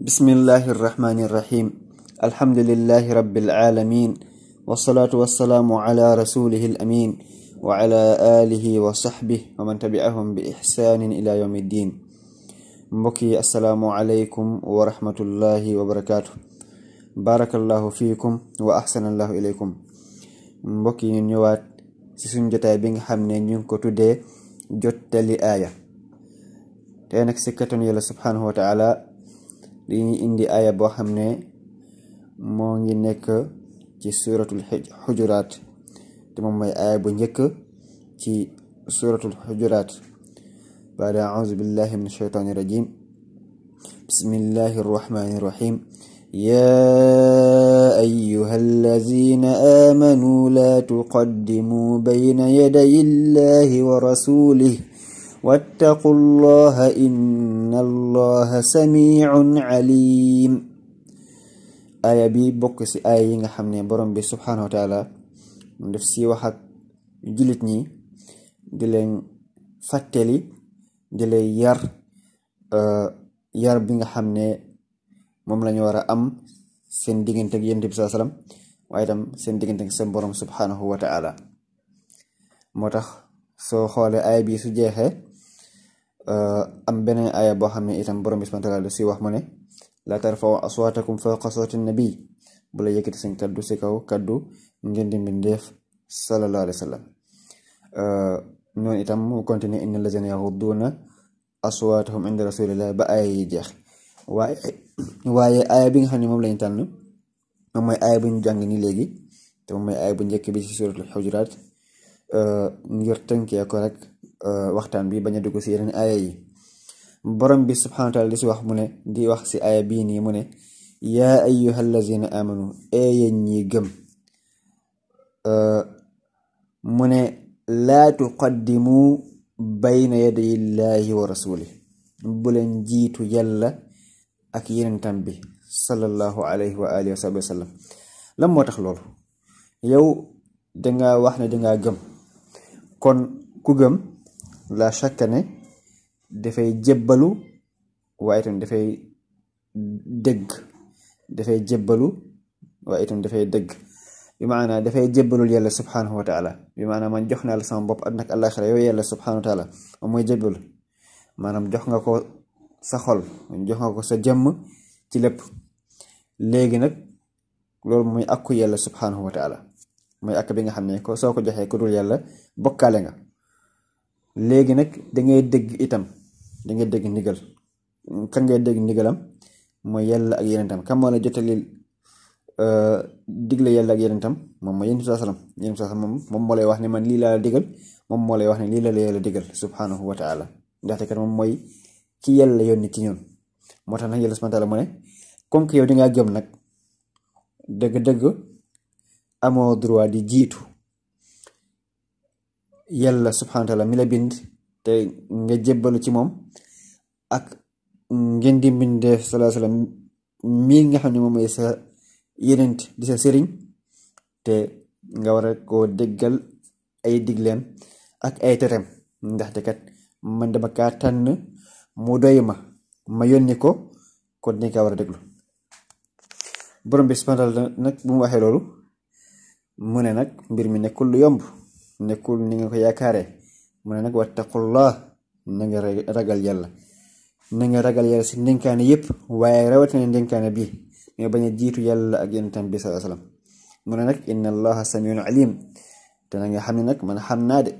bismillahi irrahmani irrahim alhamdulilahi rabbil alamin wasalaatu wasalaamu ala rasulihi amin wa alihi wa saxbih wa man tabi'ahum bi ixsaanin ila yawmi ddin mbokk yi assalaamu alaykum wa rahmatullahi wa ilaykum mbokk yi ñu ñëwaat ci suñ jotaay bi nga xam ne ñu ngi ko tuddee jottali aaya tey dañuy indi aaya boo xam ne moo ngi nekk ci suratul xujuraat te moom mooy aaya bu njëkk ci suratul xujuraat baada auzu billahi min ashaytaani rajim bismillahi arrahmani arrahim يا أيها الذين آمنوا لا تقدموا بين يدي الله ورسوله واتقوا الله إن الله سميع عليم bi bokk ci aaya yi nga xam ne borom bi subhaanahu wa taala si wax ak jullit ñi di leen fàttali di leen yar euh, yar bi nga xam ne moom lañu war a am seen diggante ak yonent bi saa salaam seen diggante seen borom subhaanahu wa taala soo xoolee aaya bi su jeexee uh, am beneen aaya boo xam ne itam borom bi subhaanahu wa taala si wax mu ne la tarfa'u aswaatakum fawqa sawti nabi bula la yëkkati seen kaddu si kaw kaddu ngeen di mbindeef sallallahu alayhi wa sallam uh, ñoon itam mu continue inna lazina yaxudduuna aswaatahum inda rasulillahi ba aaya jeex waaye waaye aaya bi nga xam ne moom lañu tànn moom mooy aaya bu ñu léegi te bu njëkk bi ci suratul xujuraat Euh, ngir tënkee ko rek euh, waxtaan bi bañ a dugg si yeneen aaya yi borom di si wax mu ne di wax si aaya bii nii mu ne yaa ayyuhal lazina amanu ee yéen ñi gëm euh, mu ne laa tuqaddimu bayna yaday illaahi wa rasuli bu leen jiitu yàlla ak yenentam bi sallallahu alayhi wa alihi wa sallam lan tax loolu yow danga wax ne danga gëm kon ku la chaque année dafay jébbalu waaye itam dafay dëgg dafay jébbalu waaye tam dafay dëgg bi maanaa dafay jébbalul yàlla subhanahu wa taala bi man jox naa la sama bopp àdduna ak àllaaxira yow yàlla subhanahu wa taala moom mooy jébbalu maanaam jox nga ko sa xol jox ko sa jëmm ci lépp léegi nag loolu mooy akku yàlla subhanahu wa taala mooy ak bi nga xam ne ko soo ko joxee ku dul yàlla bokkaale nga léegi nag dangay dégg itam dangay dégg ndigal kan ngay dégg ndigalam mooy yàlla ak yeneen tam kan moo la jotali euh, digle yàlla ak yeneen tam moom mooy yéen saa salaam yéen moom moo wax ne man lii la digal moom moo lay wax ne lii la la yàlla digal subhanahu wa taala ndaxte kat moom mooy ki yàlla yónni ci ñun moo tax nag yàlla subhanahu wa taala mu ne comme que yow dangaa gëm nag amoo droit di jiitu yàlla subhaanahu wa mi la te nga jébbalu ci moom ak ngeen di mbindeef salaa salaam nga xam ne moom mooy sa yenent di sëriñ te nga war a koo déggal ay digleem ak ay terem ndaxte kat man dama kaa mu doy ma ma yónni ko kon dañ kaa war a déglu borom bi subhaanahu mu ne nag mbir mi nekkul lu yomb nekkul ni nga ko yaakaaree mu ne nag wattaqullah na nga ragal yàlla na nga ragal yàlla si ndénkaane yëpp waaye rawatina ndénkaane bii nga bañ a jiitu yàlla ak yonentam bi sallallahu alayhi wasallam mu ne nag inna allaha samiun alim te nga xam ne nag man xam naa de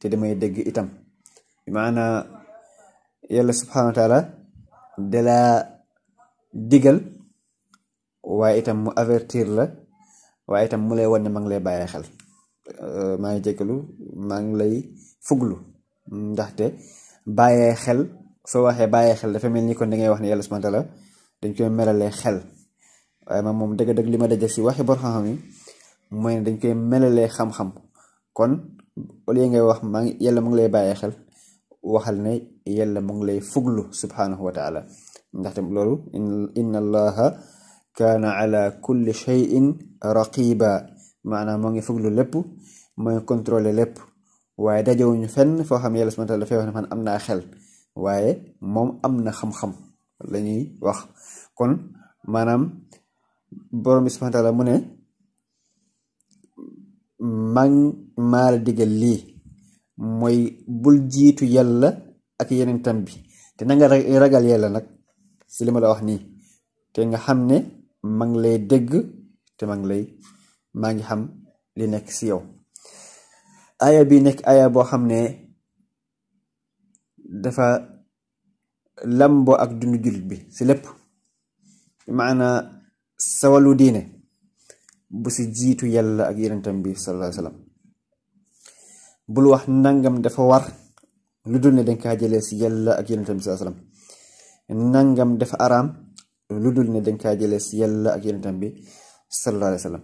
te damay dégg itam maanaa yàlla subhanahu wa taala digal waaye itam mu avertir la waaye itam mu lay wan ne ma ngi lay bàyyi xel euh, maa ngi jéggalu maa ngi lay fuglu ndaxte bàyyee xel soo waxee bàyyee xel dafa mel ni kon da ngay wax ne yàlla subhaana taala dañ koy xel waaye man moom dëgg-dëgg li ma daje si waxee bor xam-xam mooy ne dañ koy melalee xam-xam kon au lieu ngay wax maa ngi yàlla mu ngi lay bàyyee xel waxal ne yàlla mu ngi lay fuglu subhaanahu wa taala ndaxte loolu inna allaha kaana ala kulli shay'in raqiba maanaam moo ngi fuglu lépp mooy contrôler lépp waaye dajewuñu fenn foo xam yàlla subhanahu wa taala dafay ne am naa xel waaye moom am na xam-xam la ñuy wax kon maanaam borom bi subhanahu wa taala ne man maa la lii mooy bul jiitu yàlla ak yeneen tam bi te na nga ragal yàlla nag si li ma la wax nii te nga xam ne ma ngi lay dégg te ma ngi lay maa ngi xam li nekk si yow aaya bi nekk aaya boo xam ne dafa lamboo ak dundu jullit bi si lépp maana sawalu diine bu si jiitu yàlla ak yonentam bi sallallahu alayhi wasallam bul wax nangam dafa war lu dul ne danga kaa jëlee si yàlla ak yonentam bi sallallahu alayhi nangam dafa araam lu dul ne dañ kaa jële si yàlla ak yonentam bi sallallahu alayhi wa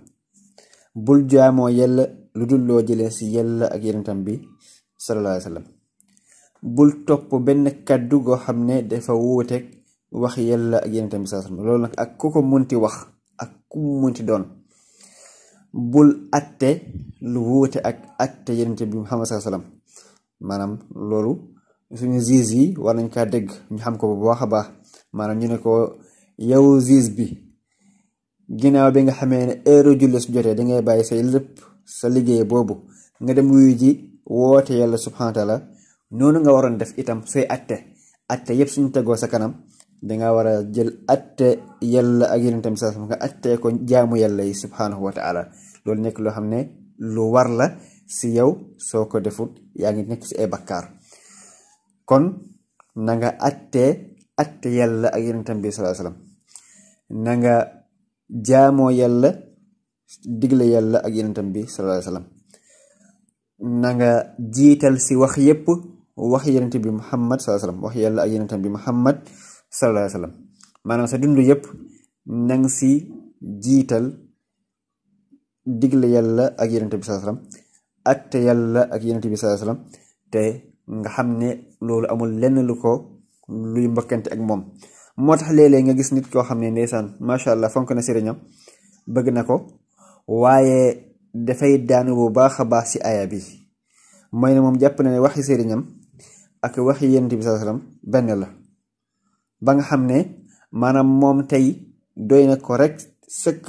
bul jaamoo yàlla lu dul loo jëlee si yàlla ak yonentam bi sallallahu alayhi wa bul topp benn kàddu goo xam ne dafa wuuteeg wax yàlla ak yonentam bi sallallahu alayhi loolu nag ak ku ko munti wax ak ku mu munti doon bul atte lu wuute ak atte yonent bi Muhammad sallallahu alayhi maanaam loolu suñu ziis yi war nañ kaa dégg xam ko bu baax a baax ko yow ziis bi ginnaaw bi nga xamee ne heure julli su jotee dangay bàyyi say lépp sa liggéey boobu nga dem wuyu ji woote yàlla subhaana taala noonu nga waroon def itam say atte atte yëpp suñu tegoo sa kanam danga war a jël atte yàlla ak yonentam sa nga atte ko jaamu yàlla yi subhaanahu wa taala loolu nekk loo xam ne lu war la si yow soo ko defut yaa ngi nekk si ay bakkaar kon na nga atte atte yàlla ak yonentam bi sallallahu alayhi wasallam nanga nga jaamoo yàlla digle yàlla ak yonentam bi sallallahu alayhi wa na nga jiital si wax yépp wax yonent bi Muhammad sallallahu alayhi wa sallam wax yàlla ak yonentam bi Muhammad sallallahu alayhi wa sallam sa dund yépp na si jiital digle yàlla ak yonent bi sallallahu alayhi wa sallam atte ak yonent bi sallallahu te nga xam ne loolu amul lenn ko luy mbokkante ak moom moo tax léeg-léeg nga gis nit koo xam ne ndeysaan macha allah fonk na seriñam bëgg na ko waaye dafay daanu bu baax a baax si aya bi mooy ne moom jàpp na ne waxi sëriñam ak waxi di bi sallallahu alayhi wasallam benn la ba nga xam ne maanaam moom tey doy na ko rek sëkk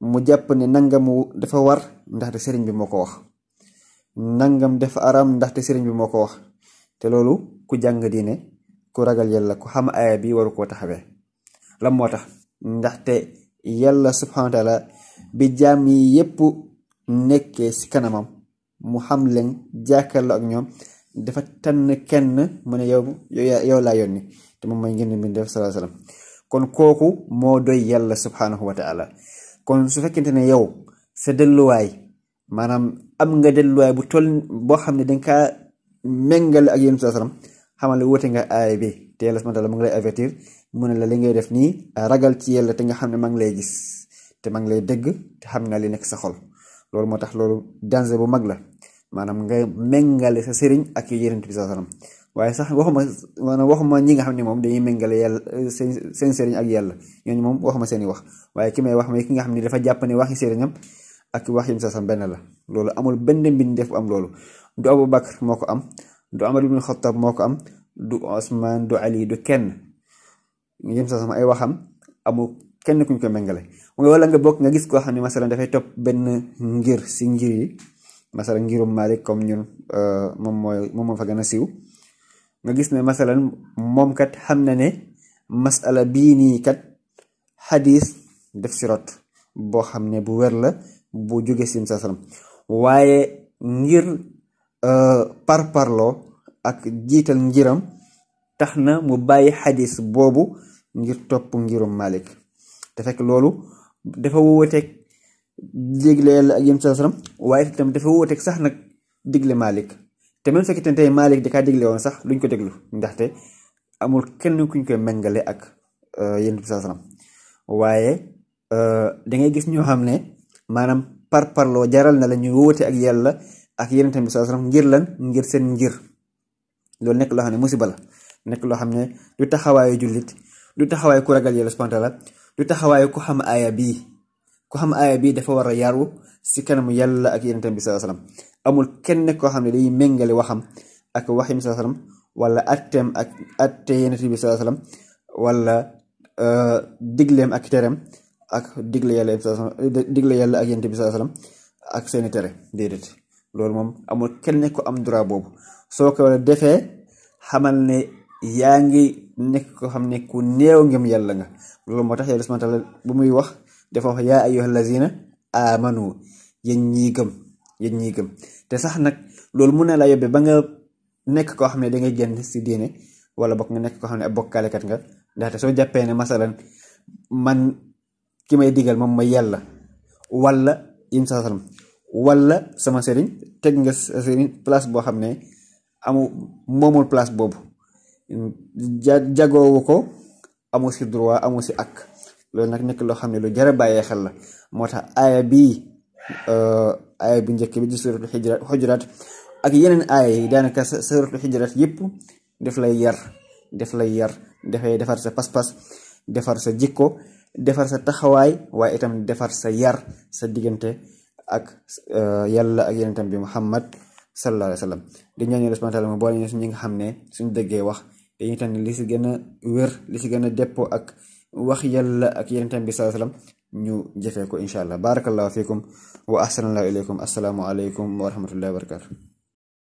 mu jàpp ne nangamu dafa war ndaxte sëriñ bi moo ko wax nangam dafa aram ndaxte sëriñ bi moo ko wax te loolu ku jàng diine ku ragal yàlla ku xam aaya bi waru koo taxawee lam moo tax ndaxte yàlla subhanahu wa bi jaam yi yépp nekkee ci kanamam mu xam leen jàkkaarloo ak ñoom dafa tànn kenn mu ne yow yow laa yónni te moom mooy ngeen mi def sallallahu alayhi kon kooku moo doy yàlla subhanahu wa taala kon su fekkente ne yow sa delluwaay maanaam am nga delluwaay bu toll boo xam ne danga kaa méngale ak yéen sallallahu alayhi xamal ne wute nga aay bi te yàlla subhanahu wa taala mu ngi lay avertir mu ne la ngay def nii ragal ci yàlla te nga xam ne maa ngi lay gis te maa ngi lay dégg te xam naa li nekk sa xol loolu moo tax loolu danger bu mag la maanaam nga méngale sa sëriñ ak yonent bi sallallahu alayhi wasallam waaye sax waxuma maanaam waxuma ñi nga xam ne moom dañuy méngale yàlla seen seen sëriñ ak yàlla ñooñu moom waxuma seen i wax waaye ki may wax mooy ki nga xam ni dafa jàpp ne waxi sëriñam ak wax yim sa sam benn la loolu amul benn mbindeef bu am loolu du Abu moo ko am du Amar ibn Xattaab moo ko am du Osman du Ali du kenn yéen sax sama ay waxam amul kenn kuñ ko méngale wala nga bokk nga gis koo xam ne masalan dafay topp benn ngir si ngir yi masalan ngirum comme ñun euh, moom mooy moom moo fa gën a siiw nga gis ne masalan moom kat xam na ne masala bii nii kat xadis def si boo xam ne bu wér la bu jóge si yéen waaye ngir. Euh, parparloo ak jiital njiram tax na mu bàyyi xadis boobu ngir topp ngirum Malik te fekk loolu dafa wuuteeg digle yàlla ak yem sallam waaye itam dafa wuuteeg sax nag digle Malik te même fekkee tey Malik da kaa digle woon sax luñ ko déglu ndaxte amul kenn kuñ koy méngale ak euh, yéen sallam waaye euh, da gis ñoo xam ne maanaam parparloo jaral na la ñu wuute ak yàlla. ak yonent bi sallallahu alayhi ngir lan ngir seen ngir loolu nekk loo xam ne musiba la nekk loo xam ne du taxawaayu jullit du taxawaayu ku ragal yàlla subhanahu wa taala du xam aaya bii ku xam aaya bii dafa war a yaru si kanamu yàlla ak yonent bi sallallahu amul kenn koo xam ne day méngale waxam ak waxim sallallahu alayhi wasallam wala atteem ak atte yonent bi sallallahu alayhi wasallam wala euh, digleem ak tereem ak digle yàlla yàlla ak yonent bi sallallahu alayhi wasallam ak seeni tere loolu moom amul kenn ko am droit boobu soo ko defee xamal ne yaa ngi nekk ko xam ne ku néew ngëm yàlla nga loolu moo tax yàlla subhaana bu muy wax dafa wax yaa ayyuhal lazina amanu yéen ñii gëm yéen ñii gëm te sax nag loolu mun na laa yóbbee ba nga nekk koo xam ne da ngay si diine wala bokk nga nekk koo xam ne a ab bokkaalekat nga ndaxte soo jàppee ne masalan man ki may digal moom mooy yàlla wala im sa wala sama sëriñ teg nga sëriñ place boo xam ne amu moomul place boobu ja jagoowu ko amu si droit amu si ak loolu nag nekk loo xam ne lu jar a bàyyee xel la moo tax aaya bii euh, aaya bu njëkk bi di suratul xujuraat ak yeneen aaya yi daanaka suratul xujuraat yëpp def lay yar def lay yar dafay defar sa pas-pas defar sa jikko defar sa taxawaay waaye itam defar sa yar sa diggante ak eh, yàlla ak yonentam bi muhammad sallallahu alayhi wa sallam di ñaan yàlla subhanahu wa taala mu boole ñi nga xam ne suñu dëggee wax dañuy tànn li si gën a wér li si gën a dëppoo ak wax yàlla ak yonentam bi sallallahu alayhi wa sallam ñu jëfee ko incha allah barakallahu fiikum wa ahsanallahu ilaykum assalaamu alaykum wa rahmatullahi